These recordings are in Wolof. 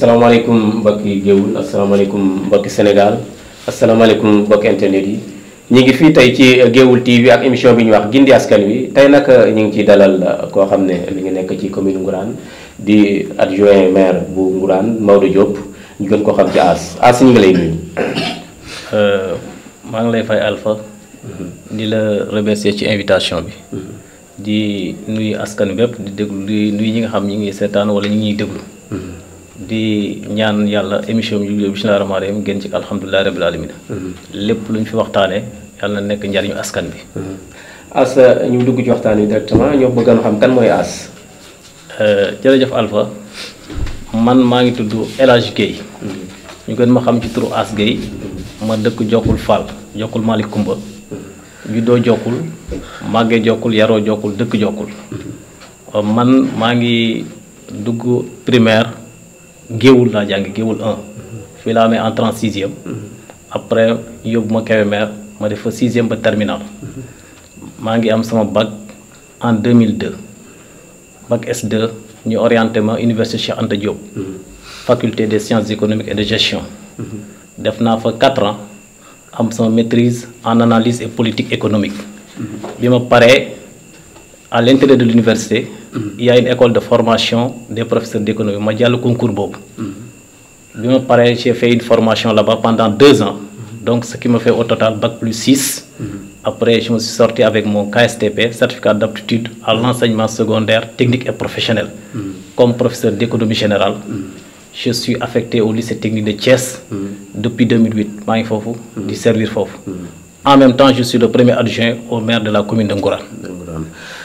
asalaamaaleykum mbokki géewul asalaamaaleykum mbokki Sénégal asalaamaaleykum mbokki internet yi ñu ngi fii tey ci géewul TV ak émission bi ñu wax gindi askan wi tey nag ñu ngi ciy dalal uh, koo xam ne mi ngi nekk ci commune Ngourane di adjoint maire bu Ngourane Maodo Diop ñu gën ko xam ci As As ñu ngi lay nuyu. Euh, maa ngi lay fay alfa mm-hmm. di la remercier ci invitation bi. Mm-hmm. di nuyu askan bépp di déglu di nuyu ñi nga xam ñu ngi seetaan wala ñi ngi déglu. di ñaan yalla émission bi bismillah rahmaan rahim gën ci alhamdullahi rabbil alamin mm-hmm. lepp luñ fi waxtane yalla nek nekk askan bi mm-hmm. as euh, ñu dugg ci waxtane wi directement ñoo bëggoon xam kan moy as euh, jërëjëf alpha man ma ngi tuddu elage gay mm-hmm. ñu gën ma xam ci turu as gay ma dëkk jokul fal jokul malik kumba do jokul, magge jokul yaro jokul dëkk jokul, euh, man ma ngi dugg primaire Je suis entré en 1 fii en 36e en sixième après yóbbu ma Kébémer ma def 6 sixième ba terminal J'ai ngi am bac en 2002 bac S2 ni orienté ma université Cheikh Anta Diop faculté des sciences économiques et de gestion def fait fa 4 ans am sama maîtrise en analyse et politique économique bi ma à l'intérieur de l'université il y a une école de formation des professeurs d'économie j'ai le concours Bob. pareil j'ai fait une formation là-bas pendant deux ans donc ce qui me fait au total bac plus 6 après je me suis sorti avec mon KSTP certificat d'aptitude à l'enseignement secondaire technique et professionnel comme professeur d'économie générale je suis affecté au lycée technique de Thiès depuis 2008 Moi, il faut servir fofou. en même temps je suis le premier adjoint au maire de la commune de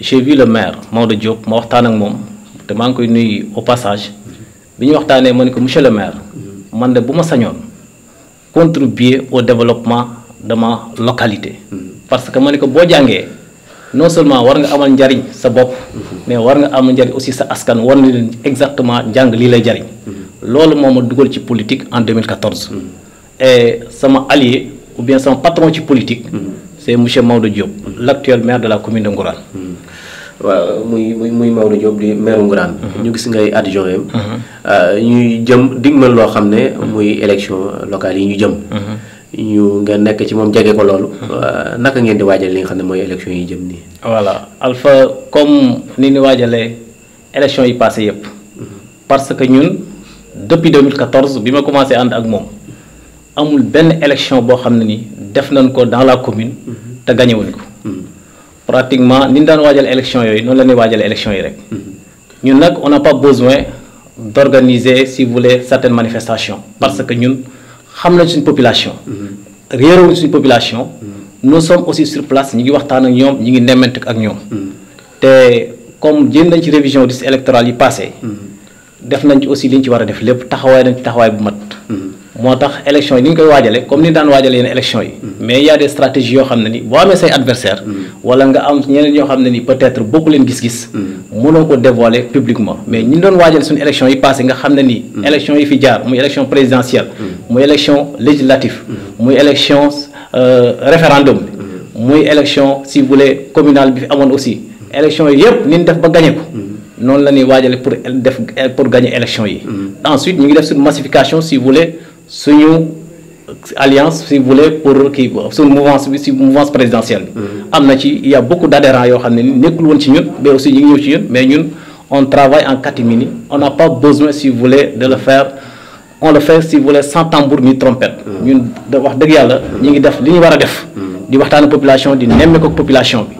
j'ai vu le maire Maude Diop ma waxtaan ak moom te maa au passage bi je waxtaanee monsieur le maire man de bu pas contribuer au développement de ma localité. parce que ma ne ko non seulement war nga amal njariñ sa bop, mais war nga amal aussi sa askan war na exactement ce que lay jariñ. loolu moo ma dugal ci politique en 2014. et mon allié ou bien son patron ci politique. c'est monsieur Maodo Diop l'actuel maire de la commune de Goran. waaw muy muy muy Maodo Diop di maire Nguraan mhm. ñu gis ngay adjoint mhm. euh, ñuy jëm digmal loo xam ne muy élection locale yi ñu jëm mhm. ñu nga nekk ci moom jege ko loolu euh, naka ngeen di waajal li nga xam ne mooy élection yi jëm nii voilà Alpha comme ni ñu waajale élection yi passé yëpp parce que ñun depuis 2014 bi ma commencé ànd ak moom amul benn élection boo xam ne ni def nañ ko dans la commune te gañewuñ ko pratiquement ni dans daan waajal élection yooyu noonu la ni waajal élection yi rek mhm. ñun nak on n'a pas besoin d'organiser si vous voulez certaines manifestations mhm. parce que ñun xam nañ suñu population mhm. réerewuñ suñu population nous sommes aussi sur place ñi ngi waxtaan ak ñom ñi ngi nemmente ak ñom té comme jéem nañ ci révision liste électorale yi passé def nañ ci aussi liñ ci wara a def lépp taxaway nañ taxaway bu mat motax tax élection ni ngui koy waajale comme ni daan waajale yenn élection yi mm-hmm. mais y a des stratégies yo xamné ni bo amé say adversaire mm-hmm. wala nga am ñeneen yo xamné ni peut-être bokku leen gis-gis mm-hmm. mënoo ko dévoiler publiquement mais ñi doon waajale suñu élection yi passé nga xamné ni élection yi fi jaar muy élection présidentielle muy élection législative muy élection euh, référendum bi muy élection si vous voulez communale bi fi aussi élection yi yëpp ni ñu def ba gagner ko non la ni waajale pour def pour gagner élection yi ensuite ñu ngi def suñu massification si vous voulez suñu alliance si vous voulez pour kii suñu mouvance bi si mouvance présidentielle mm-hmm. ci il y a beaucoup d'adhérents yo xamné nekul ne ci ñun mais aussi ñi ngi ci ñun mais ñun on travaille en catimini on n'a pas besoin si vous voulez de le faire on le fait si vous voulez sans tambour ni trompette. Mm-hmm. ñun de wax deug yalla mm-hmm. ñi ngi def li ñu wara def. di waxtaan population di nemmeeku population bi.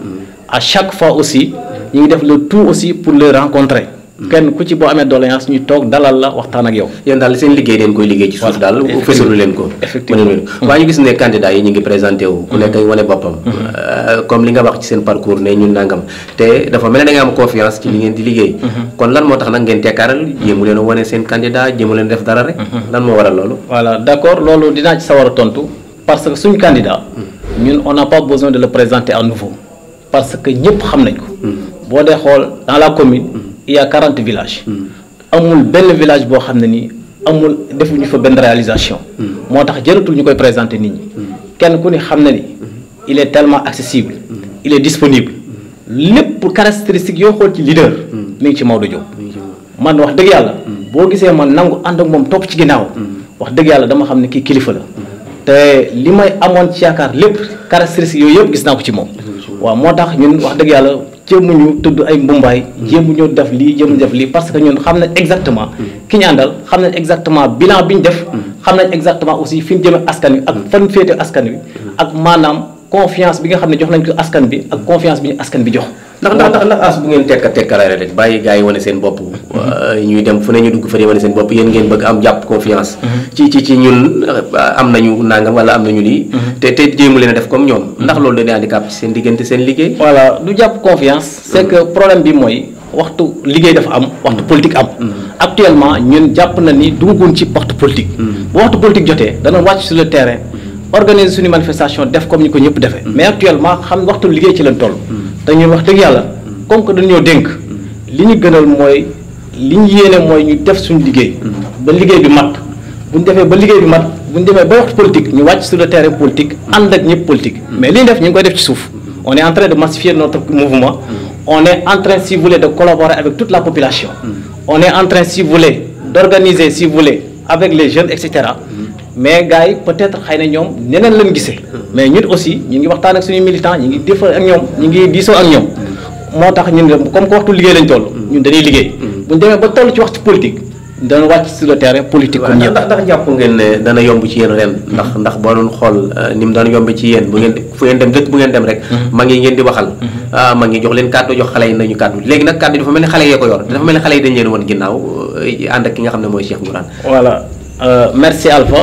à chaque fois aussi ñi ngi def le tout aussi pour les rencontrer. kenn ku ci boo amee doléance ñu toog dalal la waxtaan ak yow. yéen daal seen liggéey dañ koy liggéey ci suuf daal fësalu leen ko. effectivement mm-hmm. waaye ñu gis ne candidat yi ñu ngi présenté wu. ku nekk mm-hmm. wane boppam. Mm-hmm. Euh, comme li nga wax ci seen parcours ne ñun nangam te dafa mel ne am confiance ci li ngeen di liggéey. kon lan moo tax nag ngeen tekkaaral jéemu leen a wane seen candidat jéemu leen def dara rek. lan moo waral loolu. voilà d' loolu a mm. a il y a quarante villages. amul benn village boo xam ne ni amul defuñu fa benn réalisation. moo tax jëratul ñu koy présenter nit ñi. kenn ku ne xam na ni il est tellement accessible. il est disponible. lépp caractéristique yoo xool ci leader. mu ngi ci Maodo Diop. man wax dëgg yàlla. boo gisee man nangu ànd ak moom topp ci ginnaaw. wax dëgg yàlla dama xam ne kii kilifa la. te li may amoon ci yaakaar lépp caractéristique yooyu yëpp gis naa ko ci moom. waaw moo tax jéem ñu tudd ay mbumbaay mm. jéem ñu def lii jéem mm. def lii parce que ñun xam nañ exactement mm. ki ñu àndal xam nañ exactement bilan bi ñu def xam nañ exactement aussi fi ñu jëme askan wi ak fan féete askan wi ak maanaam confiance bi nga xam ne jox nañ ko askan bi ak confiance bi ñu askan bi jox. ndax ndax ndax ndax as bu ngeen tekka tekkalaay rek bàyyi gars yi wane seen bopp. Mhm. ñuy dem fu ne ñu dugg fa di seen bopp yéen ngeen bëgg am jàpp confiance. Mhm. ci ci ñun euh, am nañu nangam wala am nañu lii. Mhm. te te jéemu leen def comme ñoom. ndax loolu dañuy handicap ci seen diggante seen liggéey. voilà du jàpp confiance. c'est que problème bi mooy waxtu liggéey dafa am waxtu politique am. actuellement ñun jàpp na ni dugguñ ci waxtu politique. bu waxtu politique jotee dana wàcc sur le terrain. organiser une manifestation def comme ni ko ñep defee. Mm. mais actuellement xam waxtu liggéey ci lañ toll. dañu mm. wax dëgg yalla mm. comme que dañu denk liñu gënal moy liñu ñu yéene mooy ñu def suñu liggéey. ba liggéey bi mat bu ñu ba liggéey bi mat bu ñu ba waxtu politique ñu wacc sur le terrain politique ànd ak politique. mais liñ def ñu koy def ci suuf. on est en train de massifier notre mouvement. on est en train si vous voulez de collaborer avec toute la population. on est en train si vous voulez d'organiser si vous voulez avec les jeunes et cetera. mais gars yi peut être xayna ñom neneen lañu gisee mais ñun aussi ñi ngi waxtaan ak suñu militant ñi ngi def ak ñom ñi ngi diisoo ak ñom motax ñun comme ko waxtu liggéey lañ toll ñun dañuy liggéey buñu démé ba toll ci waxtu politique dañu wacc ci le terrain politique ko ñëpp ndax ndax jàpp ngeen né dana yomb ci yeen ren ndax ndax bo doon xol euh, nim mu yomb ci yeen bu ngeen fu ngeen dem dekk bu ngeen dem rek mhm. ma ngi ngeen di waxal mhm. ah ma ngi jox leen cadeau jox xalé yi nañu kàddu léegi nag kàddu dafa melni xalé xale ko yor dafa melni xalé dañ leen won ginnaw and euh, ak ki nga xam moy Cheikh Ngourane voilà euh, merci Alpha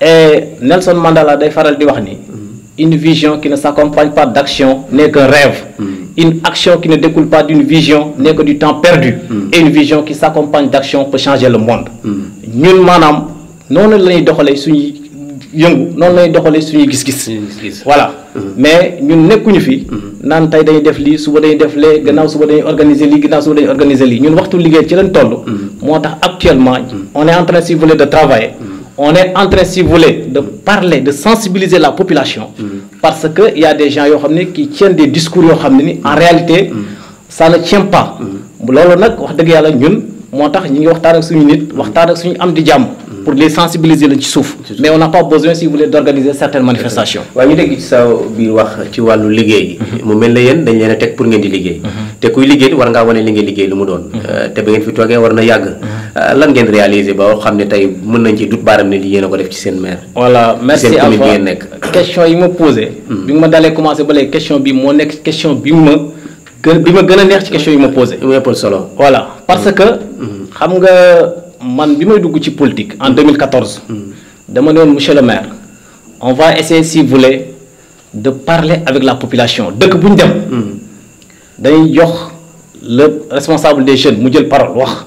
et Nelson Mandela day faral mm-hmm. une vision qui ne s'accompagne pas d'action n'est qu'un rêve mm-hmm. une action qui ne découle pas d'une vision n'est que du temps perdu mm-hmm. et une vision qui s'accompagne d'action peut changer le monde Nous, madame non la ñuy doxalee suñuy yëngu noonu la gis-gis voilà mais ñun nekkuñu fi nan tay dañuy def lii suba dañuy def lee gannaaw suba dañuy organiser lii gannaaw suba dañuy organiser li ñun waxtu liggéey ci lañ toll motax actuellement on est en train s'y voler de travailler on est en train, si vous voulez, de parler, de sensibiliser la population, mm. parce parce qu'il y a des gens qui tiennent des discours, en mm. réalité, mm. ça ne tient pas pour les sensibiliser les ci mais on n'a pas besoin si vous voulez d'organiser certaines manifestations. waaw ñu dégg ci sa biir wax ci wàllu liggéey. Mhm. mu mel ne dañ a pour ngeen di liggéey. Mhm. te kuy liggéey war ngaa wane li ngeen liggéey lu mu doon. Mhm. Euh, te ba ngeen fi toogee war na yàgg. Euh, lan ngeen réaliser ba xam ne tey nañ ci dut baaram ne li yéen ko def ci seen maire. voilà merci à vous question yi ma posé. bi ma dalee commencer, ba léegi question bi moo nekk question bi ma gën bi ma gën a neex ci question yi ma posé. voilà parce que xam nga man bi may dugg ci politique en 2014. dama ne woon monsieur le maire on va essayer si vous voulez de parler avec la population de bu ñu dem. dañuy jox le responsable des jeunes mu jël parole wax.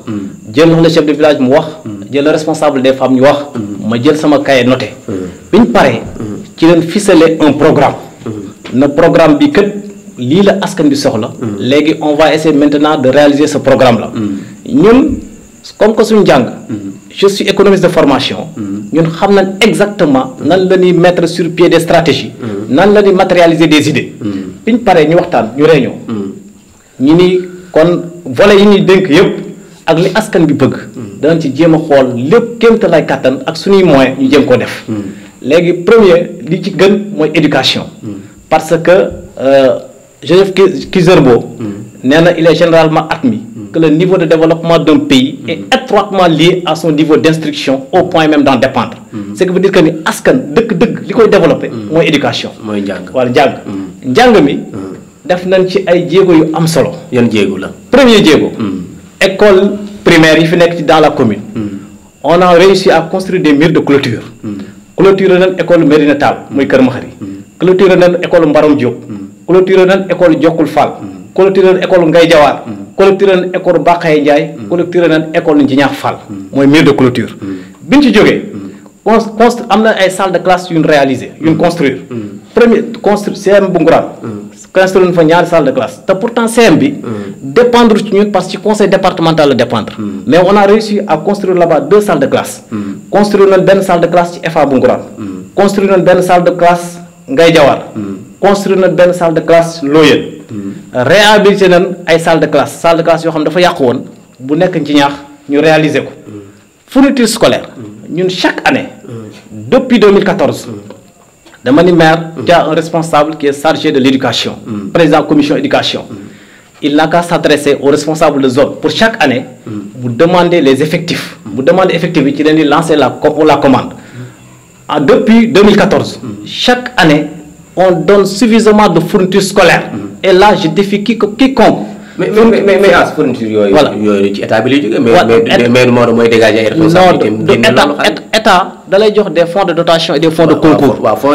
jël le chef de village mu wax. jël le responsable des femmes ñu wax. ma jël sama cahier noté. bi ñu paree. ci leen ficeler un programme. na programme bi kët lii la askan bi soxla. léegi on va essayer maintenant de réaliser ce programme là. ñun comme mm-hmm. je suis économiste de formation. Mm-hmm. ñun exactement nan mettre sur pied des stratégies. Mm-hmm. nan matérialiser des idées. Puis, ñu nous waxtaan ñu réunion. Nous kon volet yi ak li askan bi bëgg. ci premier ci éducation. parce que euh, Joseph Kizerbo, il est généralement admis que le niveau de développement d'un pays est mm-hmm. étroitement lié à son niveau d'instruction au point même d'en dépendre. Mm-hmm. ce qui veut dire que nous askan deug deug développer développé. Mm-hmm. éducation. Moy njàng wala njàng. Djang, mi. def nañ ci ay djégo yu am solo. yan djégo la. premier djégo. école primaire yi fi dans la commune. on a réussi à construire des murs de clôture. clôture nan école Médina Tall Kër clôture nan école Mbarom Diop. clôture nan école Jokkul Fall. clôture école Ngay collecteur nañ école Mbakhaye ci ñaax Fall. Mm. mooy mur de clôture. Mm. biñ ci jógee. Mm. con am na ay salle de classe yuñ réaliser yuñ construire. premier constru CM bu Nguraan. construire nañ fa ñaari salle de classe te pourtant CM bi. dépendre ci ñun parce que ci conseil départemental la dépendre. mais on a réussi à construire là deux salles de classe. construire nañ benn salle de classe ci FA bu Nguraan. construire nañ benn salle de classe Ngay Jawar. construire nañ benn salle de classe Mm-hmm. Réhabiliter nan ay salle de classe salle de classe yo xam dafa bu ci ñaax ñu réaliser ko. Mm-hmm. fourniture scolaire. Mm-hmm. chaque année. depuis 2014. dama ni maire. un responsable qui est chargé de l'éducation. président commission éducation. il n'a qu'à s'adresser aux responsables de zone pour chaque année. vous demander les effectifs. vous demander effectifs Qui lancer la commande. Ah, depuis 2014. chaque année on donne suffisamment de fournitures scolaires. et là je défie quiconque. mais mais mais mais fournitures mais dégager des fonds de dotation et des fonds de concours. voilà fonds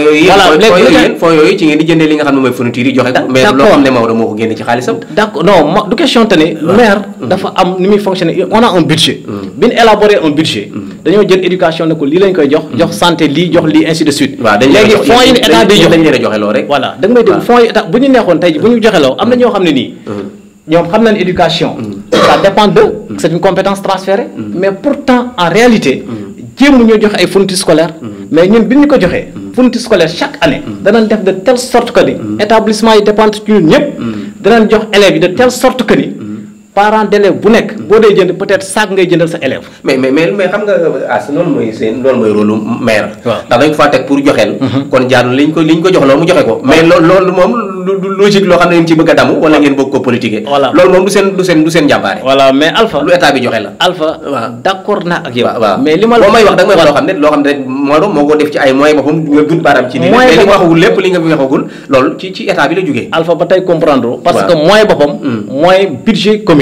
mais ne non question maire fonctionner on a un budget. Mm. il élaborer un budget. Mm dañoo jël éducation ne ko lii lañ koy jox mm-hmm. jox santé lii jox lii ainsi de suite léegi fonds yi état day jox dañ leen a joxe rek voilà da nga may dégg fonds yi état bu ñu neexoon tey bu ñu joxe am na ñoo xam ne nii mm-hmm. ñoom xam nañ éducation mm-hmm. ça dépend de c'est une compétence transférée mais pourtant en réalité jéem ñoo joxe ay fournitures scolaire mais ñun bi ñu ko joxee fournitures scolaire chaque année danañ def de telle sorte que ni établissement yi dépendent ci ñun ñëpp danañ jox élèves yi de telle sorte que ni parent d'élève bu nekk boo dee jënd peut saak ngay jëndal sa élève. mais mais mais xam nga as ah, loolu mooy seen loolu mooy rôle mhm. mais a la. Alpha waaw d'accord naa ak yow. li waxagul lépp ci ci bi la jógee. Alpha ba tey comprendre parce que moyen boppam mm. mooy budget commune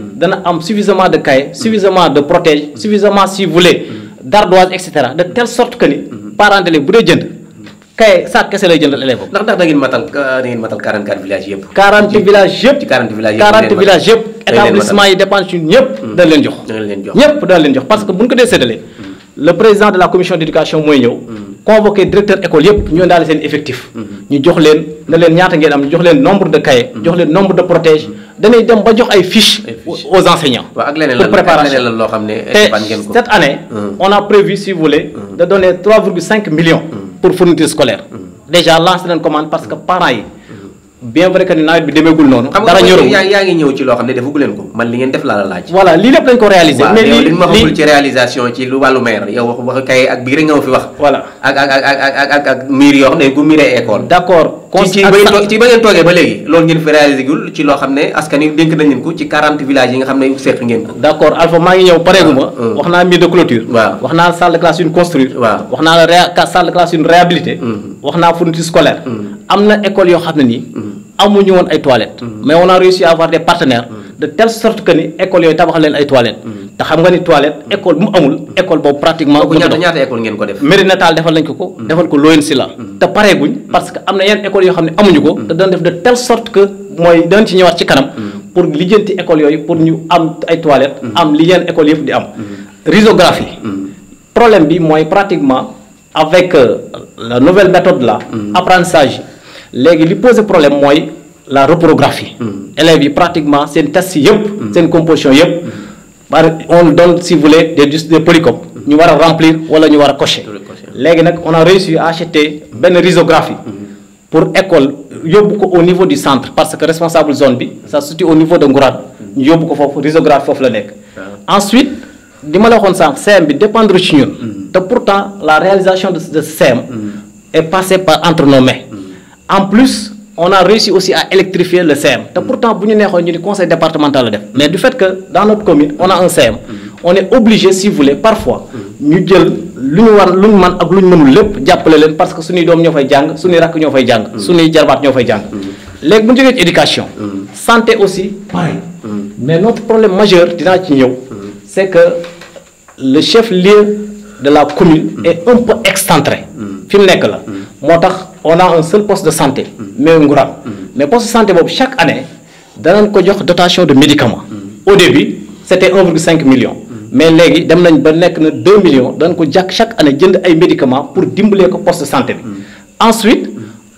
suffisamment de cahiers, mm-hmm. suffisamment de protège mm-hmm. suffisamment si vous voulez mm-hmm. d'ardoise etc. de telle sorte que les parents, les bu que ça 44 villages 40 villages 40 villages 40 villages établissement dépend parce que buñ ko le président de la commission d'éducation moyen le directeur école yep ñu indaale sen effectif. ñu jox leen na leen ñaata ngeen am jox nombre de cahiers, mm-hmm. jox nombre de protèges. donner dem ba jox ay fiches. aux enseignants. pour préparation cette année. Mm-hmm. on a prévu si vous voulez. Mm-hmm. de donner 3,5 millions. pour fourniture scolaire. déjà c'est une commande parce que pareil. bien vrai que ni nawet bi demeegul noonu. dara ñorul xam nga yaa ngi ñëw ci loo xam ne defagu leen ko man li ngeen def laa la laaj. voilà lii lépp lañ ko réaliser. mais lii li ma xamul ci réalisation ci lu wàllu maire yow wax wax kay ak bii a nga ma fi wax. voilà ak ak ak ak miir yoo xam ne ku miiree école. d'accord ci ci ba ngeen toogee ba léegi loolu ngeen fi réalisé gul ci loo xam ne askan yi dénk nañ leen ko ci 40 villages yi nga xam ne seq ngeen ko d' accord Alpha maa ngi ñëw pareeguma ah, ah. wax naa mur de clôture waaw wax naa salle de classe une construire waaw wax naa la salle de classe une réhabilité mm-hmm. wax naa fourniture scolaire mm-hmm. am na école yoo xam ne nii mm-hmm. amuñu woon ay toilettes mais on a réussi à avoir des partenaires de telle sorte que ni école yooyu tabax leen toilettes. Mm-hmm. ta xam nga ni toilette mm-hmm. école bu amul. Mm-hmm. école boobu pratiquement. ko ñaata ñaata école ngeen ko def. Médina Tall defal nañ ko ko. defal ko Loyenne Sylla. te guñ parce que amna yeen école yo xamni amuñu ko. te daan def de telle sorte que moy daan ci ñëwaat ci kanam. pour lijjanti école yooyu pour ñu am ay toilettes. am li yeen école yëpp di am. risographie. problème bi moy pratiquement avec euh, la nouvelle méthode là. apprentissage légui li poser problème moy la reprographie. Hmm. élèves vu pratiquement ...c'est une teste, c'est une composition hmm. on donne si vous voulez des polycopes. nous hmm. allons remplir wala nous allons cocher. on a réussi à acheter ...une risographie. pour école au niveau du centre parce que responsable zone bi ça se situe au niveau de N'Gourade... Nous avons ko une risographie ah. ensuite ...le CEM dépend de nous... dépendre pourtant la réalisation de ce sem est passée par entre nos mains. en plus on a réussi aussi à électrifier le CM. pourtant nous avons un conseil départemental mais du fait que dans notre commune on a un CM. Mm-hmm. on est obligé si vous voulez parfois. ñu jël lu ñu war man ak luñ mënul lépp jàppale parce que suñu dom ñofay jang suñu rak ñofay jang suñu jarbat ñofay jang ñoo buñu jàng. qui mm-hmm. mm-hmm. L'éducation, éducation. santé aussi mais notre problème majeur dina ci ñew c'est que le chef lieu de la commune. est un peu excentré. fi nek la motax on a un seul poste de santé. Mm-hmm. mais un grand mm-hmm. mais poste de santé chaque année danañ ko une dotation de médicaments. Mm-hmm. au début c'était 1,5 million. mais maintenant dem nañ 2 millions on ko chaque année des médicaments pour diminuer le poste de santé ensuite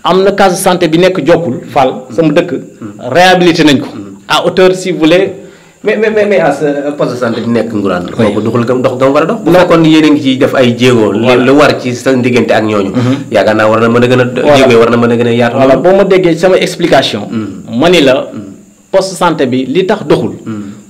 ensuite a na case de santé qui est en Fall sama dëkk. réhabilité à hauteur si vous voulez. mais mais mais as euh, poste de santé bi nekk Nguraan. oui kooku doxul gam dox gam war a dox. bu fekkoon yéen a ngi ciy def ay jéego. lu war ci sa diggante ak ñooñu. Mhm. yaakaar naa war na mën a gën a. jéego war na mën a gën a yaatu. voilà boo ma déggee sama explication. Mhm. ma ni la mhm. poste santé bi li tax doxul.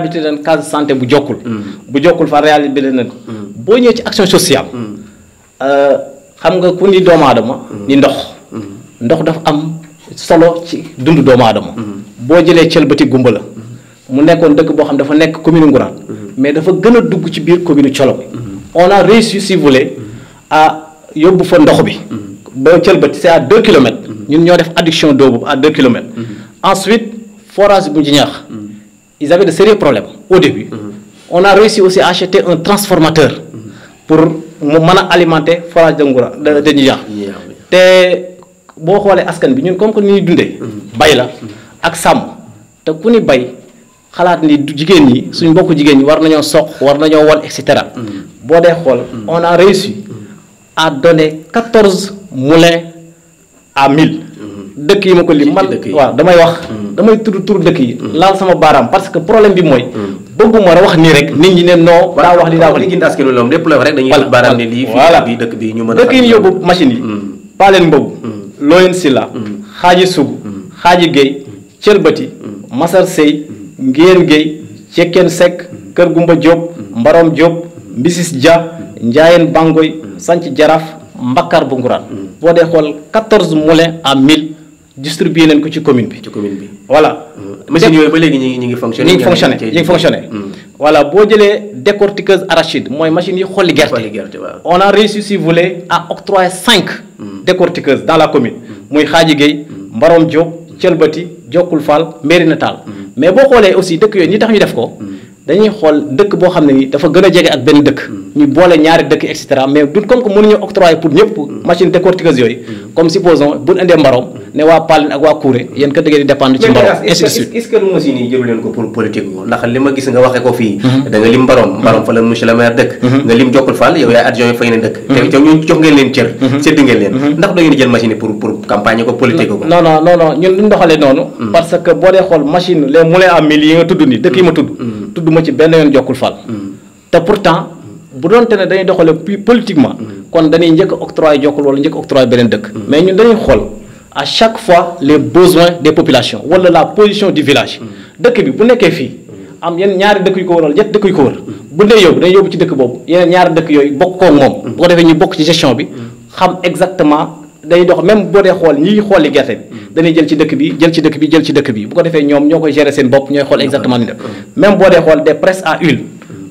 réhabilité leen case santé bu jokkul. Mm. bu jokkul fa réhabilité nañ ko. Mm. boo ñëwee ci action sociale. Mm. Euh, xam nga ku ni doomu aadama. ni ndox. ndox dafa am solo ci dundu doomu adama boo jëlee cëlbati gumba la. mu nekkoon dëkk boo xam dafa nekk commune Ngourane. mais dafa gën a dugg ci biir commune Thiolok. on a réussi si vous yóbbu fa ndox bi. boo cëlbati c'est à 2 kilomètres. ñun ñoo def adduction d'eau boobu à 2 kilomètres. ensuite forage bu Djinyax. ils avaient de sérieux problèmes au début. Mm -hmm. On a réussi aussi à acheter un transformateur mhm. pour alimenter le forage de Ngoura, de, de Niger. Et si on comme nous nous mhm. bay la mhm. ak sàmm te ku ni bay xalaat ni jigéen ñi suñu mbokku jigen ni war nañu soq war nañu wal et cetera boo dee on a réussi à donner 14 moulins à mille dëkk yi ma ko lim man waaw damay wax mm. damay tur tur dëkk yi mm. laal sama baaraam parce que problème bi mooy mm. bëgguma a wax nii rek nit ñi ne non daa wax li daa wax li gën askan wi loolu la rek dañuy tudd bi dëkk bi ñu mën a dëkk yi yóbbu machine yi paaleen mboobu looyeen sila xaaji sugu xaaji géy cëlbati masar sëy ngéen géy cekkeen sekk kër gumba jóob mbarom jóob mbisis dia njaayeen bangoy sanc jaraaf mbakar bu nguraan boo dee xool 14 moulins à 1000 distribuer leen ko ci commune bi. ci commune bi voilà. Euh, machine yooyu ba léegi ñu ngi ñu fonctionné. ñu ngi fonctionné ñu ngi fonctionné. Hmm. voilà boo jëlee décortiqueuse arachide mooy machine yi xolli gerte. xolli gerte waaw on a réussi si vous voulez à octroyer cinq. Hmm. décortiqueuses dans la commune. Hmm. muy Xaaji Gueye. Mbarom Diop Thielbati Jokkul Fall Mérina Tall. mais boo xoolee aussi dëkk yooyu ñi tax ñu def ko. dañuy xool dëkk boo xam ne ni dafa gën a jege ak benn dëkk. ñu boole ñaari dëkk et cetera mais du comme que mënuñu octroyer pour ñëpp. machine décortiqueuse yooyu. comme supposons bu indee mbaroom ne waa Paline ak waa Kouré yéen kat da di dépendre ci mbaroom ainsi de suite est-ce que machine yi jëlu leen ko pour politique ndax li ma gis nga waxee ko fii mhm. da lim mbaroom mhm. mbaroom fa la monsieur dëkk mhm. nga lim jokkul fall yow yaay adjoint fa ngeen dëkk te jox ngeen leen ndax da ngeen jël machine pour pour campagne ko politique ko non non non non ñun noonu parce que boo dee xool machine les moulins à mil yi bu dañuy doxale politiquement mm. kon dañuy ñëk octroi, wala mm. mais ñun dañuy à chaque fois les besoins des populations wala la position du village mm. dëkk bi bu nekké am ñaari dëkk yu ko dëkk yu bu yow ci dëkk ñaari dëkk bu ko ñu gestion exactement même si dé xol ñi les dañuy jël ci dëkk bi jël ci dëkk bi jël ci dëkk bi bu ko gérer exactement même si nous xol des presses à huile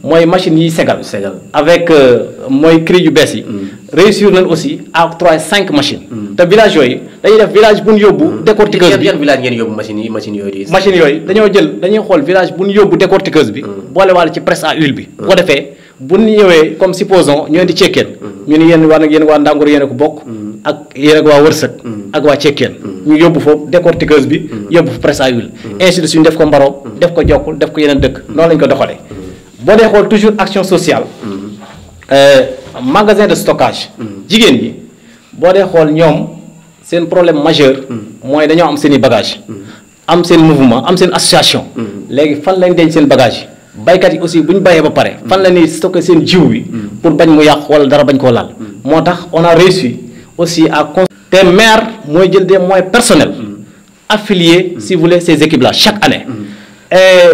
moy machine yi ségal ségal avec euh, moy cri yu bees mm. réussir nañ aussi à trois 5 machines. Mm. te village yooyu dañuy def village bu ñu yóbbu. Mm. décortiqueuse bi yan village ngeen yóbbu machine yi machine yoy machine yoy dañoo jël dañuy xol village bu ñu yóbbu décortiqueuse bi. wal ci presse à huile bi. bu ko defee bu ñu comme supposons ñu indi cekkeen. ñu ni yéen waa nag yéen waa Ndàngoor yéen ko bokk. ak yéen ak waa Wërsëg. ak wa cekkeen. ñu yóbbu foofu décortiqueuse bi. yóbbu presse à huile. ainsi de suite def ko Mbaro. def ko jokul def ko yeneen dekk non lañ ko doxalee bo dee xol toujours action sociale. Mm-hmm. Euh, magasin de stockage. Mm-hmm. jigéen ñi boo dee xool C'est seen problème majeur. Mm-hmm. Moi dañu am seen i bagage am seen mouvement am seen association. légui fan lañ denc seen bagage baykat yi aussi buñ bayé ba paré fan lañ stocker stocké seen jiw bi. pour bañ mu yàq wala dara bañ ko lal motax on a réussi aussi à. te maire moy jël des moyens personnels. affiliés si vous voulez ces équipes là chaque année. Euh,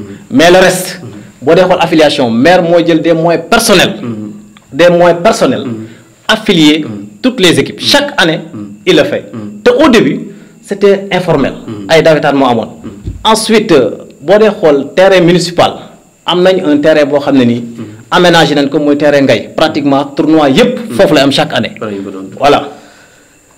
mais le reste bo dee affiliation maire a des moyens personnels mm-hmm. des moyens personnels mm-hmm. affilier mm-hmm. toutes les équipes chaque année il le fait au début c'était informel ay mo ensuite le euh, terrain municipal y un terrain pour xamné ni aménagé nañ ko moy terrain gay pratiquement tournoi yépp chaque année voilà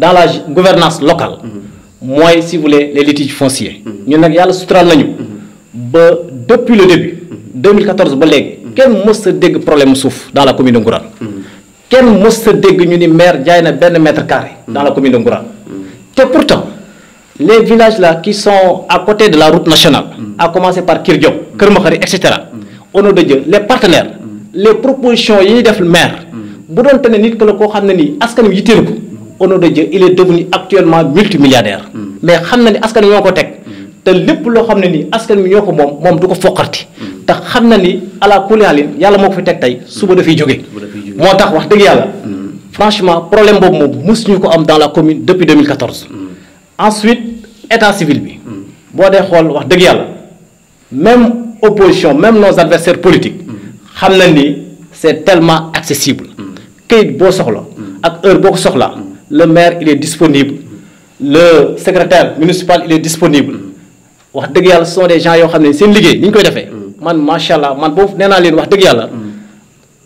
dans la gouvernance locale mhm. moi, si vous voulez les litiges fonciers mhm. nous avons yàlla de nañu mhm. depuis le début 2014 ba léegi kenn a problème dans la commune de Ngourane kenn a dégg ñu mètre carré dans la commune de Ngourane pourtant les villages là qui sont à côté de la route nationale à commencer par Kër Kermakari, etc., de Dieu les partenaires les propositions yi ñuy def maire bu doon que ne nit pas, la ce ne au nom de Dieu il est devenu actuellement multimilliardaire. Mm. mais xam na ni askan ñoo ko tek mm. te lepp lo xam ne askan mi ñoko mom mom duko fokarti. ko foqarti. Mm. te xam na ni ala kulli haalin yàlla moo ko fi tek tay suba da fi moo Motax wax deug Yalla. franchement problème nous moom mosuñu ko am dans la commune depuis 2014. ensuite état civil bi. Bo dé xol wax deug Yalla. même opposition même nos adversaires politiques. xam ni c'est tellement accessible. kayit boo soxla. ak heure boko soxla soxlaa le maire il est disponible le secrétaire municipal il est disponible wax y a sont des gens qui xam ne seen liggéey ni ñu koy fait. man masha'allah, man bof nee naa wax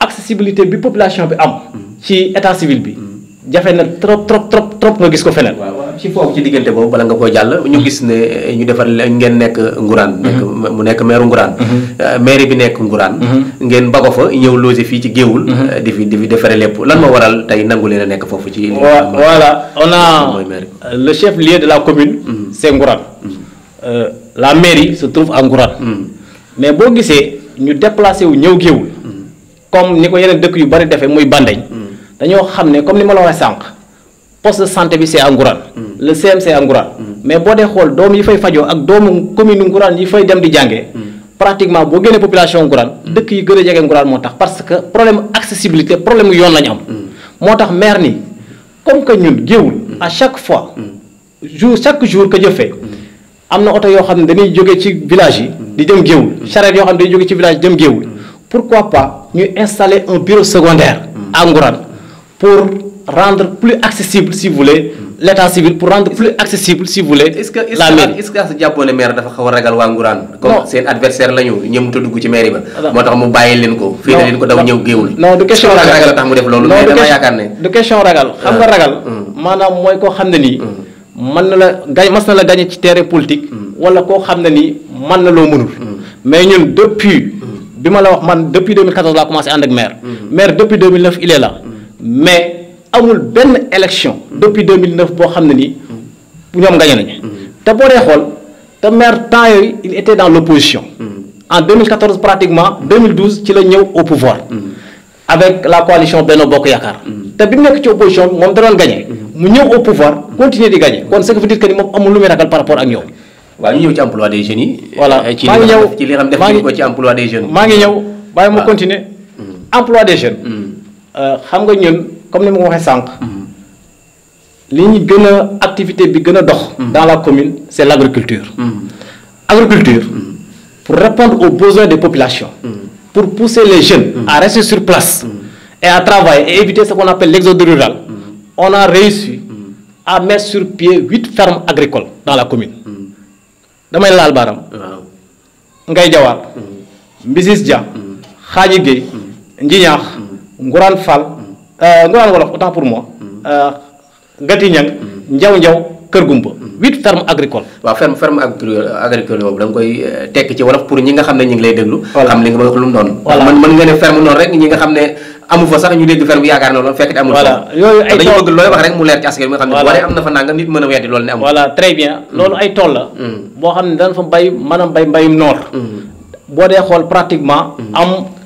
accessibilité bi population bi am. ci état civil bi je trop trop trop trop nga gis ko ci ci bala nga ñu gis ñu ngeen Ngourane. Mm-hmm. mu maire Ngourane. Mm-hmm. Euh, maire bi Ngourane. Mm-hmm. ngeen bago fa voilà on a le chef lieu de la commune. c'est Ngourane. Euh, la mairie se trouve en Ngourane. mais bo gisee ñu déplacer wu comme ni yu bari dañoo xam ne comme ni ma la waxee sànq poste de santé bi c'est à Ngourane. le CMC à Ngourane. mais boo dee xool doom yi fay fajoo ak doomu commune Ngourane yi fay dem di jàngee. pratiquement boo génnee population Ngourane. dëkk yi gën a jege Ngourane moo tax parce que problème accessibilité problème yoon la am. moo tax maire ni comme que ñun géewul à chaque fois. jour chaque jour que jëfee. am na oto yoo xam ne dañuy jóge ci village yi. di dem géewul charrette yoo xam ne dañuy jóge ci village dem géewul pourquoi pas ñu installer un bureau secondaire. à Ngourane pour rendre plus accessible, si vous voulez, l'état civil, pour rendre plus accessible, si vous voulez, est-ce que, est-ce la Est-ce que ça japonais maire dafa xaw ragal wa nguraan comme seen adversaire lañu ñëm tuddu ci mairie ba motax mu bayyi leen ko fi leen ko daw ñew geewul non du question ragal tax mu def loolu mais dama yaakaar ne du question ragal xam nga ah. ragal hmm. maanaam mooy koo xam ne nii man hmm. na la gañ mas na la gañe ci terrain politique hmm. wala koo xam ne man na loo mënul mais ñun depuis bi la wax man depuis 2014 laa commencé ànd ak maire maire depuis 2009 il est là mais amul ben élection depuis 2009 pour xamné nous ñom gagné gañe nañu te boo le maire temps était dans l'opposition. en 2014 pratiquement 2012 il la venu au pouvoir avec la coalition Benno Bokk yakar te bi nek ci opposition mom da doon gagné mu au pouvoir continuer di gagner. kon ce que veut dire que ni moom amul lu par rapport ak nous? wa ñu ci emploi des jeunes voilà a euh, un ci li def ci emploi des jeunes ma ngi a un mu emploi des jeunes mm. Euh, comme ni ma ko waxee li activité mm. dans la commune c'est l'agriculture. Mm. agriculture. Mm. pour répondre aux besoins des populations. pour pousser les jeunes à rester sur place. et à travailler et éviter ce qu'on appelle l'exode rural. On a réussi à mettre sur pied huit fermes agricoles dans la commune. damay laal baaram. Ngay Mbisis Dia. nguraan Fall. Euh, nguraan wolof autant pour moi. Mm. Euh, gati ñang njaw njaw kër gumba mm. huit ferme agricole waaw ferme ferme agricole boobu da koy euh, tekk ci wolof pour ñi nga xam ne ñu ngi lay déglu xam li nga lu mu noonu man mën nga ne ferme xam ne amu fa sax ñu dégg ferme yaakaar na loolu fekk amul voilà fa nangam a weddi loolu ne amul voilà très bien mm. ay tool la boo xam ne dana fa bay maanaam bay mbayum noor boo dee xool pratiquement am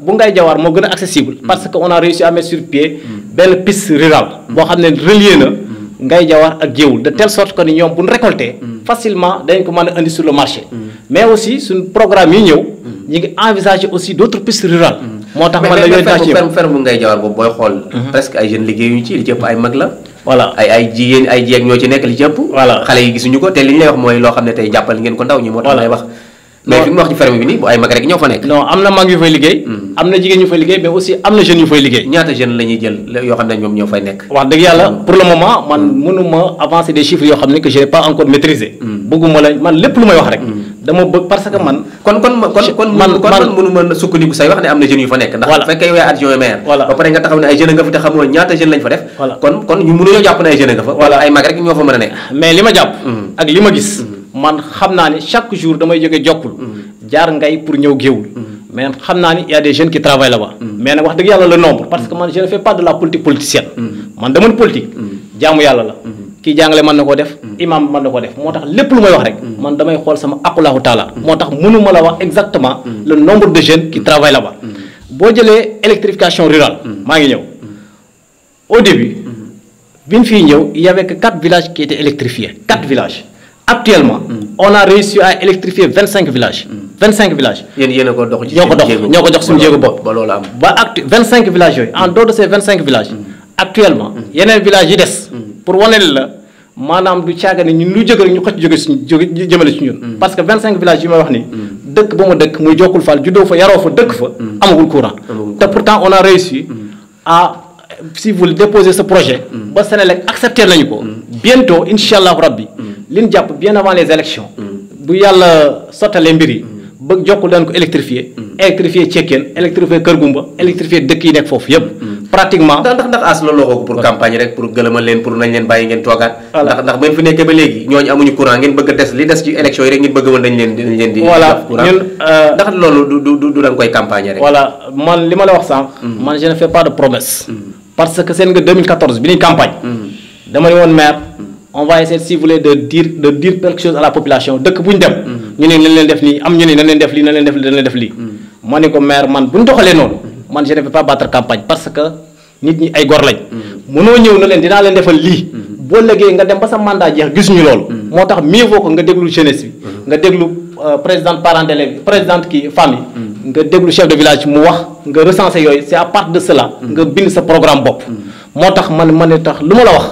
Boungaye Diawar moo gën a accessible. Mm. parce que on a réussi à mettre sur pied. Mm. belle piste rurale. Mm. bo xamné ne relier na. Ngay Jawar ak Géoul de telle sorte que ni ñom buñ ñu récolté. facilement dañ ko mën indi sur le marché. mais aussi sun programme yi ñëw. ñi ngi envisager aussi d'autres pistes rurales. motax man la yoy daa ci ferme ferme Ngay Jawar bo boy xol mm-hmm. presque ay jeune liggéeyuñu ci li ci ëpp ay mag la. voilà ay ay jigéen ay jeeg ñoo ci nekk li ci ëpp. voilà xalé yi gisunu ko té li ñu lay wax moy lo xamné tay jappal ngeen ko ndaw ñi motax lay wax mais fi mu wax ci ferme bi ni bu ay mag rek ñoo fa nekk. non am na mag yu fay liggéey. Hmm. am na jigéen ñu fay liggéey mais aussi am na jeunes yu fay liggéey. ñaata jeune la ñuy jël yoo xam ne ñoom ñoo fay nekk. wax dëgg yàlla pour le moment man hmm. mënuma avancer des chiffres yoo xam ne que j'ai pas encore maîtrisé. Hmm. bëgguma la man lépp lu may wax rek. dama bëgg parce que man. kon kon kon kon man kon mënu mën sukkandiku say wax ne am na jeunes yu fa nekk. ndax bu fekkee yow yaa adjoint maire. ba pare nga taxaw ne ay jeune nga fa te xamuloo ñaata jeunes lañ fa def. kon kon ñu mënuñoo jàpp ne ay jeune nga fa. ay mag rek ñoo fa mën a nekk. mais li ma jàpp ak li ma gis man xam naa ne chaque jour damay jógee jokkul mm-hmm. jaar ngay pour ñëw géewul mm-hmm. mais xam naa ni il y a des jeunes qui travaillent mm-hmm. mais nag wax dëgg yàlla la nombre parce que man je ne fais pas de la politique politicienne man dama politique jaamu yàlla la kii jàngale man na ko def imam man na ko def moo tax lépp lu may wax rek man damay xool sama aqulaahu taala moo tax mënu ma la wax exactement le nombre de jeunes qui travaillent là-bas boo jëlee électrification rurale maa ngi ñëw au début bi ñu ñëw il y avait que quatre villages qui étaient électrifiés actuellement mm. on a réussi à électrifier 25 villages 25 mm. villages yene ko dox ci ñoko dox ñoko dox ba 25 villages en mm. dehors de ces 25 villages actuellement mm. yeneen village yi dess pour wonel la manam du tiagane ñu lu ni ñu xoc jëgël suñu jëmele suñu parce que 25 villages yi ma wax ni dekk bu mu dekk muy jokul fall juddo fa yaro fa dekk fa amul courant te pourtant on a réussi à si vous déposer ce projet ba sénégal accepter nañ bientôt inshallah rabbi li ñu bien avant les élections mm. bu yàlla sottalee mbir yi mm. ba jokku leen ko électrifier mm. électrifier Cekkeen électrifier Kër Gumba électrifié dëkk yi nekk foofu yëpp pratiquement ndax ndax as loolu waxoo ko pour campagne rek pour gëlëmal leen pour nañ leen bàyyi ngeen toogaat ndax ndax ba fi nekkee ba léegi ñooñu amuñu courant ngeen bëgg a des li des ci élection yi rek ngeen bëgg mën dañ leen dañ leen di voilà ñun euh, ndax loolu du du du da koy campagne rek voilà man li ma la wax sànq man je ne fais pas de promesse parce que seen nga 2014 bi ñuy campagne dama ne woon maire on va essayer si vous voulez de dire de dire quelque chose à la population dëkk bu ñu dem. ñu ne nañ leen def ni am ñu ne nañ leen def li nañ leen def li nañ leen def li ma ko maire man buñ ñu non man je ne vais pas battre campagne parce que nit ñi ay gor lañ. mëno ñëw na leen dina leen defal li bo lëggee nga dem ba sa mandat jeex gisuñu ñu lool motax mieux vaut nga déglu jeunesse bi. nga déglu euh, présidente parent d'élève présidente qui famille. nga déglu chef de village mu wax nga recenser yoy c'est à part de cela. nga bind sa programme bop motax man mané tax luma la wax.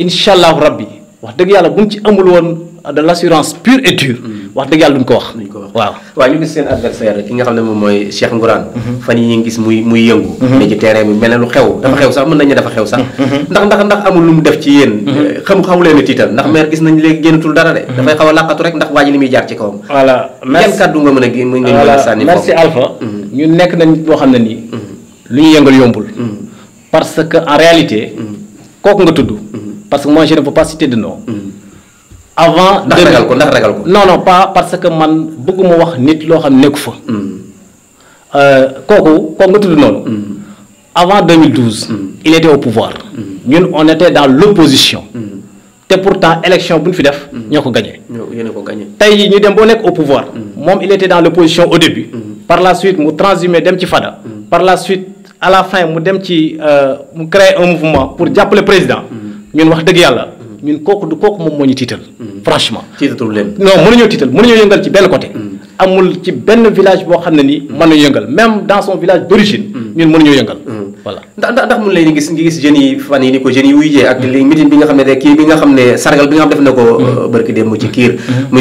inshallah rabbi wax deug yalla buñ ci amul won de l'assurance pure et dure. wax deug yalla duñ ko wax. waaw waaw ñu gis seen adversaire ki nga xamne ne moom Cheikh Ngourane. fan yi ngi gis muy muy yëngu. Mhm. ne ci terrain bi mel lu xew. dafa xew sax mën nañu dafa xew sax. Mhm. Mhm. ndax ndax ndax amul lu mu def ci yeen xam xamu leen a tiital ndax maire gis nañ léegi génnatul dara de. dafay xaw a rek ndax waji limi jaar ci kawam. voilà merci ken kaddu nga mëna a génn nga la a merci Alpha. ñu nekk nañ bo xamne ni nii. yëngal yombul. parce que en réalité. kooku nga tuddu parce que moi je ne veux pas citer de nom. Hmm. avant ndax ko ko. non non pas parce que man bëgguma wax nit lo xam nekku fa. Hmm. Euh, kooku kooku nga non. Hmm. avant 2012. il était au pouvoir. nous on était dans l'opposition. Et pourtant élection bu fi def. ñoko gagné. a ñu dem bo nek au pouvoir. Mom il était dans l'opposition au début. par la suite mu transhumé dem ci Fada. par la suite à la fin mu dem ci euh, mu créer un mouvement pour le président. ñun wax dëgg yàlla ñun kooku du kooku moom moo ñu tiital mm-hmm. franchement tiitatul leen non mënuñoo tiital mënuñoo yëngal ci benn côté mm-hmm. amul ci benn village boo xam ne nii mm-hmm. mënuñu yëngal même dans son village d'origine ñun mënuñoo yëngal voilà ndax ndax mun lay gis ngi gis jeunes yi fan yi ni ko jeunes yi wuy jee ak li meeting bi nga xam ne rek kii bi nga xam ne sargal bi nga xam def na ko mm-hmm. euh, barki démb ci mm-hmm. kiir mm-hmm.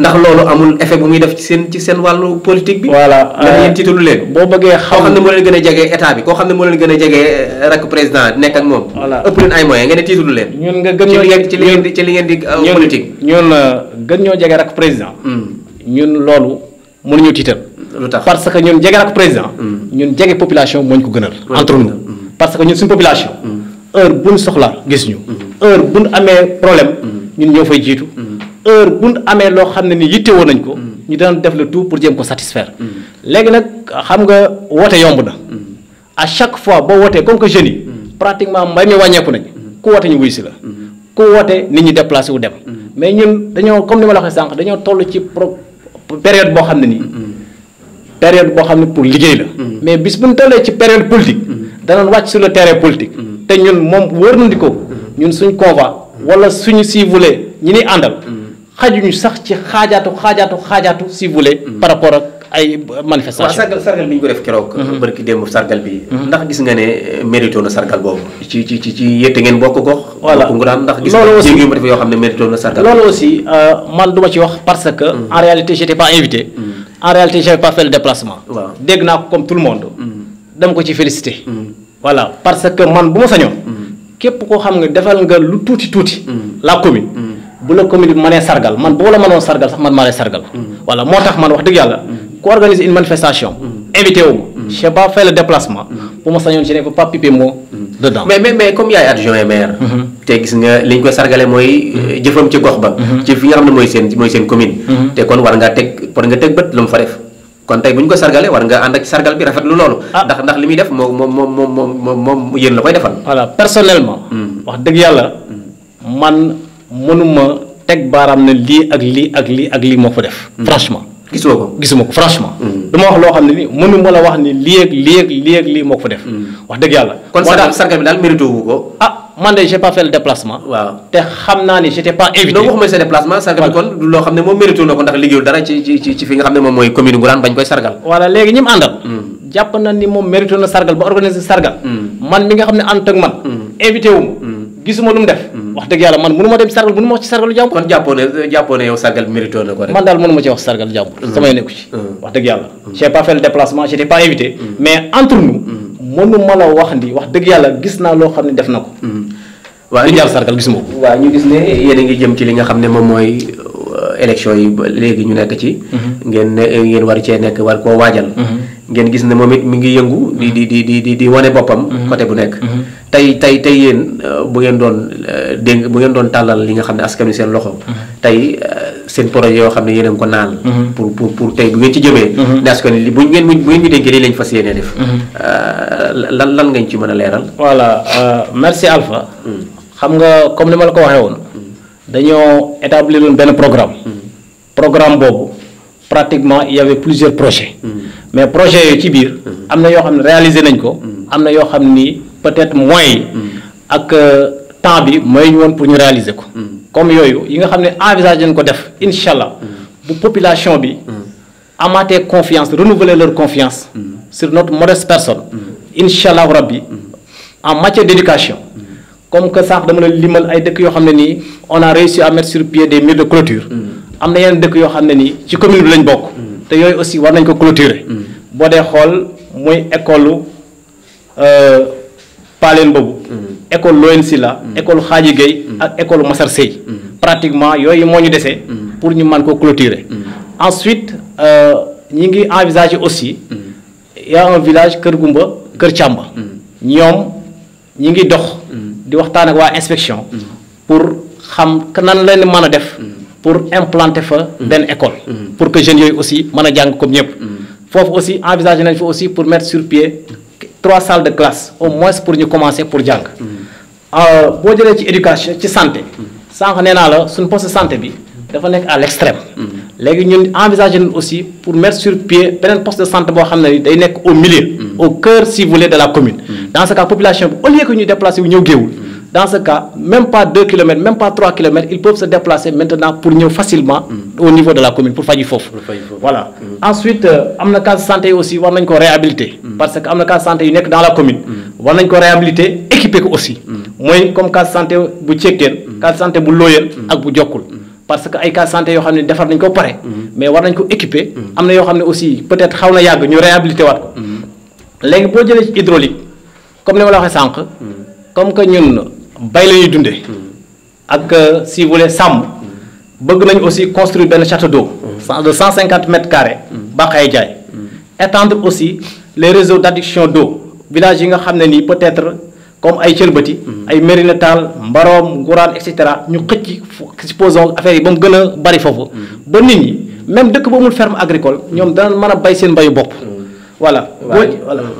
ne ko def ci seen ci seen wàllu politique bi euh, boo bëggee xam koo xam ne moo leen gën a jege état bi koo xam ne moo leen gën a jege euh, rak président nekk ak moom voilà ëpp leen ay moyens nga ne tiitalu leen ñun nga gën ñoo ci li ngeen di ci li ngeen di politique ñun gën ñoo jege rak président mm. ñun loolu mënuñu tiital lu tax parce que ñun jege ak président. Mm. ñun jege population moo ñu ko gënal. entre nous mm. parce que ñun suñu population. Mm. heure bu ñu soxla gis ñu. heure bu ñu amee problème. ñun ñoo fay jiitu. heure bu ñu amee loo xam ne ni yittewoo nañ ko. ñu daan def le tout pour jéem ko satisfaire. léegi nag xam nga woote yomb na. a chaque fois boo wootee comme que jeunes pratiquement mbay mi wàññeeku nañ. ku woote ñu wuy si la. ku woote nit ñi déplacé wu dem. mais ñun dañoo comme ni ma la waxee sànq dañoo toll ci pro période boo xam ne période boo xam ne pour liggéey la. Mm-hmm. mais bis bu ñu tollee ci période politique. Mm-hmm. danañ wàcc sur le terrain politique. Mm-hmm. te ñun moom wër nañu ko. ñun suñ convoi wala suñu si voulez ñi ni àndal. xajuñu sax ci xaajaatu xaajaatu xaajaatu si voulez. par rapport ak ay manifestation waaw sargal sargal bi ñu ko def keroog. barki démb sargal bi. ndax gis nga ne eh, mérito na sargal boobu. ci ci ci yéete ngeen bokk gox. voilà ndax gis nga ne mérito na sargal. loolu aussi euh, man du ma ci wax parce que. en réalité en réalité n'avais pas fait le déplacement. waaw comme tout le monde. Je mm. ko félicité. Mm. voilà parce que man suis mm. nga lu la commune. bu la commune de sargal man la sargal sargal. voilà moo je man wax dëgg yàlla. ku organise une manifestation. je sais pas faire le déplacement. bu ma sañoon je ne peux pas piper mot mm-hmm. dedans. mais mais mais comme yaay adjoint maire. Mm-hmm. te gis nga li ñu koy mm-hmm. nga xam ne mooy seen mooy seen commune. te kon war ngaa teg war nga teg bët lu mu fa def. kon tey bu ñu ko sargalee war nga ànd ak sargal bi rafetlu loolu. Ah. ndax ndax li muy def moom moom moom moom moom yéen la koy defal. voilà personnellement. Mm. wax dëgg yàlla man mënuma teg baaraam ne lii ak lii ak lii ak lii moo ko def. Mm. franchement. gisuma ko gisuma ko franchement. Mm. dama wax loo xam ne nii mënu ma la wax ni léeg léeg léeg lii moo ko fa def. Mm. wax dëgg yàlla. kon sargal sargal bi daal mérité wu ko. ah man de j'ai pas fait déplacement. sargal bi kon loo xam ne moom mérité wu ko ndax liggéeyul dara ci ci ci fi nga xam ne moom mooy commune Ngourane bañ koy sargal. voilà léegi ñi àndal. Mm. jàpp na ni moom mérité na sargal ba organiser sargal. man mi nga xam ne ànd ak man. invité wu gisuma lu mu def. Mhm. wax dëgg yàlla man mënu ma dem sargal mënu ma wax ci sargalu jàmbur. kon jàppoo ne jàppoo sargal mérito na ko rek. man daal mënu ci wax sargal jàmbur. Mhm. samay nekku ci. Mhm. wax dëgg yàlla. j'ai pas fait le déplacement pas invité. mais entre nous. mënu ma la wax ni wax dëgg yàlla gis naa loo xam ne def na ko. waaw ñu jaar sargal gisuma ko. waaw ñu gis ne yéen a ngi jëm ci li nga xam ne moom mooy euh, élection yi ba léegi ñu nekk ci. ngeen ne ngeen war cee nekk war koo waajal. ngeen gis ne moom it mi ngi yëngu. di di di di di wane boppam. Mhm. côté bu nekk. Mhm. tey tey tey yéen euh, bu ngeen doon euh, dénk bu ngeen doon tàllal li nga xam ne askan wi seen loxo. Mhm. tey euh, seen projet yoo xam ne yéen ko naal. pour pour pour tey bu ngeen ci jëmee. ne askan wi bu ngeen bu ngeen ñu dénkee lii lañ fas yéenee def. lan lan ngañ ci mën a leeral. voilà merci Alpha. Mm. xam nga comme ni ma la ko waxee woon. Mm. dañoo établir benn programme. Mm. programme boobu pratiquement il y mais projet yooyu ci biir. Mm-hmm. am na yoo xam ne réalisé nañ ko. Mm-hmm. am na yoo xam ni peut-être moins, yi. Mm-hmm. ak euh, temps bi mooy ñu woon pour ñu réaliser ko. comme yooyu yi nga xam ne envisagé nañ ko def incha allah. bu population bi. amaatee confiance renouveler leur confiance. sur notre modeste personne. incha allah rabbi en matière d'éducation. comme que sax dama la limal ay dëkk yoo xam ne nii on a réussi à mettre sur pied des murs de clôture. am na yeneen dëkk yoo xam ne nii ci commune bi lañ bokk te yooyu aussi war nañ ko clôturer. Mm. boo dee xool muy école euh, Palen boobu. Mm. école Loyen la. Mm. école Xaaji Gueye ak école Massar Sey. pratiquement yooyu moo ñu desee pour ñu mën ko clôturer. ensuite euh, ñi ngi envisager aussi. y a un village Kër Gumba Kër Càmba. ñoom ñi ngi dox. di waxtaan ak waa inspection. pour xam nan lañ mën a def pour implanter fa ben école mm-hmm. pour que jeunes aussi mën a comme mm-hmm. faut aussi envisager nañ aussi pour mettre sur pied trois salles de classe au moins pour nous commencer pour jàng euh, boo jëlee ci éducation ci santé sans nee naa la poste de santé bi dafa à l'extrême léegi ñun envisagé aussi pour mettre sur pied un poste de santé au milieu au cœur si vous voulez de la commune dans ce cas population au lieu que ñu déplacer, nous dans ce cas, même pas 2 km, même pas 3 km, ils peuvent se déplacer maintenant pour venir facilement au niveau de la commune, pour faire du fof. Voilà. Mm. Ensuite, euh, amna cas santé aussi, on ko réhabiliter. Mm. Parce que amna cas santé nek dans la commune. On mm. ko réhabiliter, équiper aussi. Moi, comme cas santé bu Tchekien, cas santé bu Loyel, ak bu gens... parce que ay cas santé yoo xam ne defar nañ ko pare. mais war nañ ko équiper. am na yoo aussi peut-être xaw na a ñu réhabilité waat ko. ci comme ni ma la comme que ñun bay la ñuy Et euh, si vous voulez sàmm. bëgg aussi construire benn château d'eau. de 150 mètres carrés. Baqay Jaay. étendre aussi les réseaux d'adduction d'eau village yi nga le ni peut-être comme ay Cëlbati. ay Mérina Tall Mbarom, Ngouraan etc., cetera ñu supposons affaire yi ba mu gën bari foofu. ba nit une même amul ferme agricole nous dana mën a bay seen voilà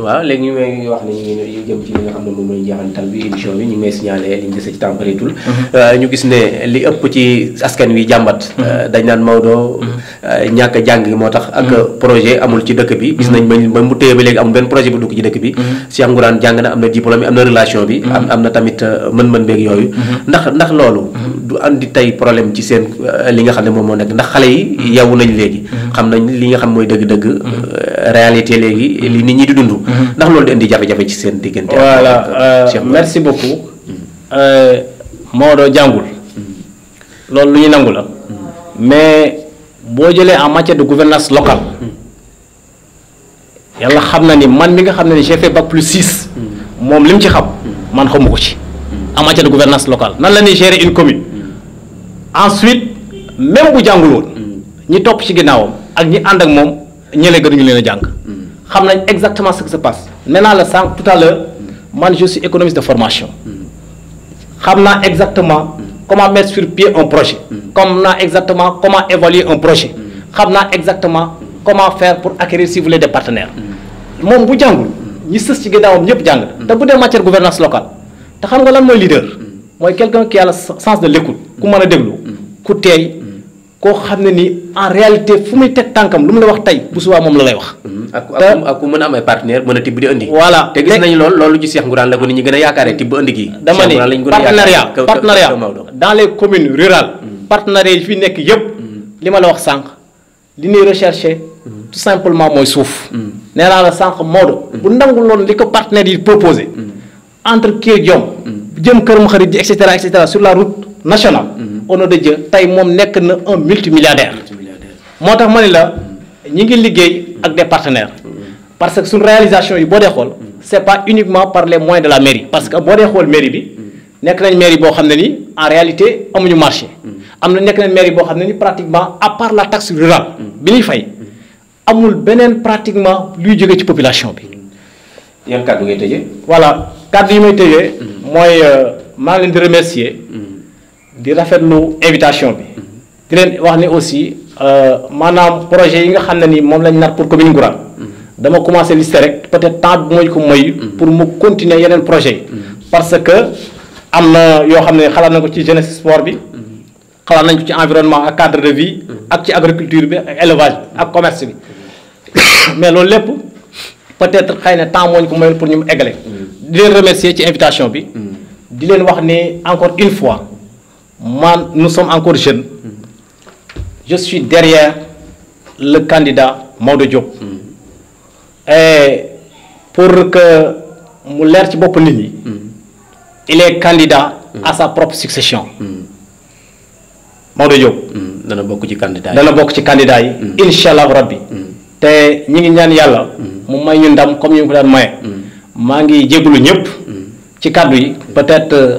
waaw léegi ñu ngi wax ne ñu ngi jëm ci li nga xam ne moom mooy njeexantal bi émission bi ñu ngi may signalé li ñu dese ci ñu gis ne li ëpp ci askan wi jàmbat mhm. euh, dañ naan Maodo mhm. euh, ñàkk jàng gi moo tax ak mhm. projet amul ci dëkk bi gis nañ ba mu téye ba léegi amul benn projet bu dugg ci dëkk bi Cheikh Ngourane jàng na am na diplôme am na relation bi am am na tamit euh, mën-mën beeg yooyu ndax ndax loolu du andi tay problème ci sen euh, li nga xamne mom mo nek ndax xalé yi mm-hmm. yaw nañ léegi mm-hmm. xam nañ li nga xam moy deug deug réalité léegi mm-hmm. li nit ñi di dundu ndax loolu di indi jafé jafé ci sen digënté voilà euh, euh, merci beaucoup euh modo jangul loolu lu ñu nangul la mais bo jëlé en matière de gouvernance locale yalla xam na ni man mi nga xam ni j'ai fait bac plus 6 mom lim ci xam man xamuko ci en matière de gouvernance locale nan la ni gérer une commune ensuite même bu jangul woon ñi top ci ginaawam ak ñi gens. ak mom ñele ñu leena xam nañ exactement ce qui se passe. maintenant tout à l'heure je suis économiste de formation. xam sais exactement comment mettre sur pied un projet. Je sais exactement comment évaluer un projet. xam sais exactement comment faire pour acquérir si vous voulez des partenaires. mom bu jangul ñi seuss ci ginnaawam ñëpp jang des bu qui matière gouvernance locale te xam nga lan moy leader. moy quelqu'un qui a le sens de l'écoute ku mën a ku teey koo xam ni en réalité fu muy teg tànkam lu la wax tay bu subaa moom la lay wax. Mm-hmm. ak ak ku mën a am ay partenaire mën a di andi. voilà te gis nañu loolu loolu ci Cheikh Ngourane la ko nit ñi gëna a tib tibb andi gi. dama ni partenariat partenariat dans les communes rurales. Mm-hmm. partenariat fi nekk yépp mm-hmm. lima la wax sank li ñuy recherché. tout simplement moy souf nee naa la sank Maodo. bu nangul non liko partenaire yi proposé. entre Kelle Diom. jëm Kër Moukhari et cetera et cetera sur la route national. Mm-hmm. au nom de Dieu il un multimilliardaire. Moi des partenaires. Mm-hmm. parce que la réalisation du n'est mm-hmm. pas uniquement par les moyens de la mairie. parce que boo mairie bi. mairie en réalité marché. marche. mairie pratiquement à part la taxe rurale. pratiquement population cadre voilà euh, le cadre remercier di rafetlu invitation bi. Mm-hmm. di leen wax ni aussi euh, maanaam projet yi nga xam ne ni moom lañ nar pour commune Ngourane. Mm-hmm. dama commencé liste rek peut-être temps bi mooy ko mooy. Mm-hmm. pour mu continuer yeneen projet yi. parce que am na yoo xam ne xalaat nañ ko ci jeunesse sport bi. xalaat nañ ko ci environnement ak cadre de vie. ak ci agriculture bi ak élevage ak commerce bi. mais loolu lépp peut-être xëy na temps mooñ ko mayoon pour ñu mu eggale. di leen remercier ci invitation bi. di leen wax ni encore une fois moi, nous sommes encore jeunes. Je suis derrière le candidat Maudou Diop. Mm Et pour que Mouler Tchibopolini, mm mm-hmm. il est candidat à mm-hmm. sa propre succession. Maudou Diop. Dans le candidat. Dans le candidat. Inch'Allah Rabbi. te ñi ngi ñaan yàlla may ñu ndam comme ñu ko daan maye maa ngi jégalu ñëpp ci yi peut-être euh,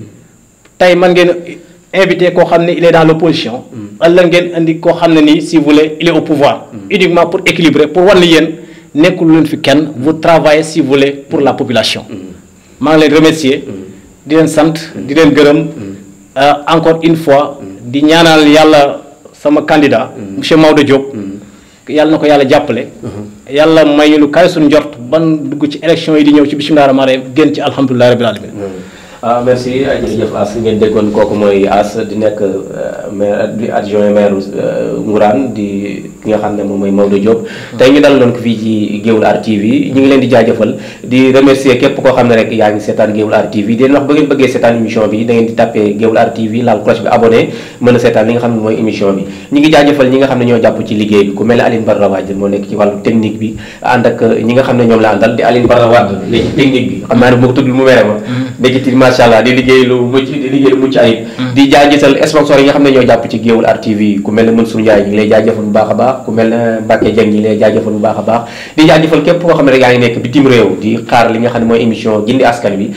tay man ngeen invité ko xamné il est dans l'opposition. opposition. Mm. ëllëg ngeen andi ko xamné ni si vous voulez il est au pouvoir. Mm. uniquement pour équilibrer pour wan ne yéen fi kenn mm. vous travaillez si vous voulez pour la population. maa ngi remercier. di len sante di len euh, encore une fois. di ñaanal yalla sama candidat. monsieur Maodo Diop. Yalla nako ko jappalé yalla mm-hmm. yàlla may sun jort ban dugg ci élection yi di ñëw ci bismillah rahmaani rahiim gën ci alhamdoulillah rabbil alamin ah merci jërëjëf As ngeen déggoon kooku mooy As di nekk euh, maire di adjoint maire euh, Ngourane di nga xam ne moom mooy Maodo Diop. Mm-hmm. tey ñu dalaloon ko fii ci Gueoulart TV ñu ngi leen di jaajëfal di remercier képp koo xam ne rek yaa ngi seetaan Gueoulart TV di leen wax ba ngeen bëggee seetaan émission bi da di tàppee Gueoulart TV laal cloche bi abonné mën a seetaan li nga xam ne mooy émission bi. ñu ngi jaajëfal ñi nga xam ne ñoo jàpp ci liggéey bi ku mel Aline Barra moo nekk ci wàllu technique bi ne ñoom la àndal di Aline Barra Wade nekk ci technique bi ne bu ma ko tudd macha allah di liggéey lu mucc di liggéey lu mucc mm. yi nga xam ne ñoo jàpp ci Gueoul Art TV ku mel ne Mansour Ndiaye ñu ngi lay jaajëfal bu baax a baax ku mel ne Mbacke Dieng ñu ngi lay jaajëfal bu baax a di koo xam ne rek yaa ngi nekk bitim réew di xaar li nga xam ne mooy émission gindi askan bi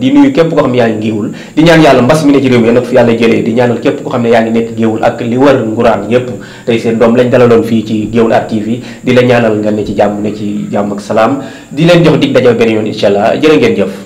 di nuyu képp koo xam ne yaa ngi Gueoul di ñaan yàlla mbas mi ne ci réew mi yal na ko fi yàlla jëlee di ñaanal képp koo xam ne yaa ngi nekk Gueoul ak li wër nguraan yépp tey seen doom lañ dalaloon fii ci Gueoul Art di la ñaanal nga ne ci jàmm ne ci jàmm ak salaam di leen jox dig dajaw benn yoon incha allah ngeen jëf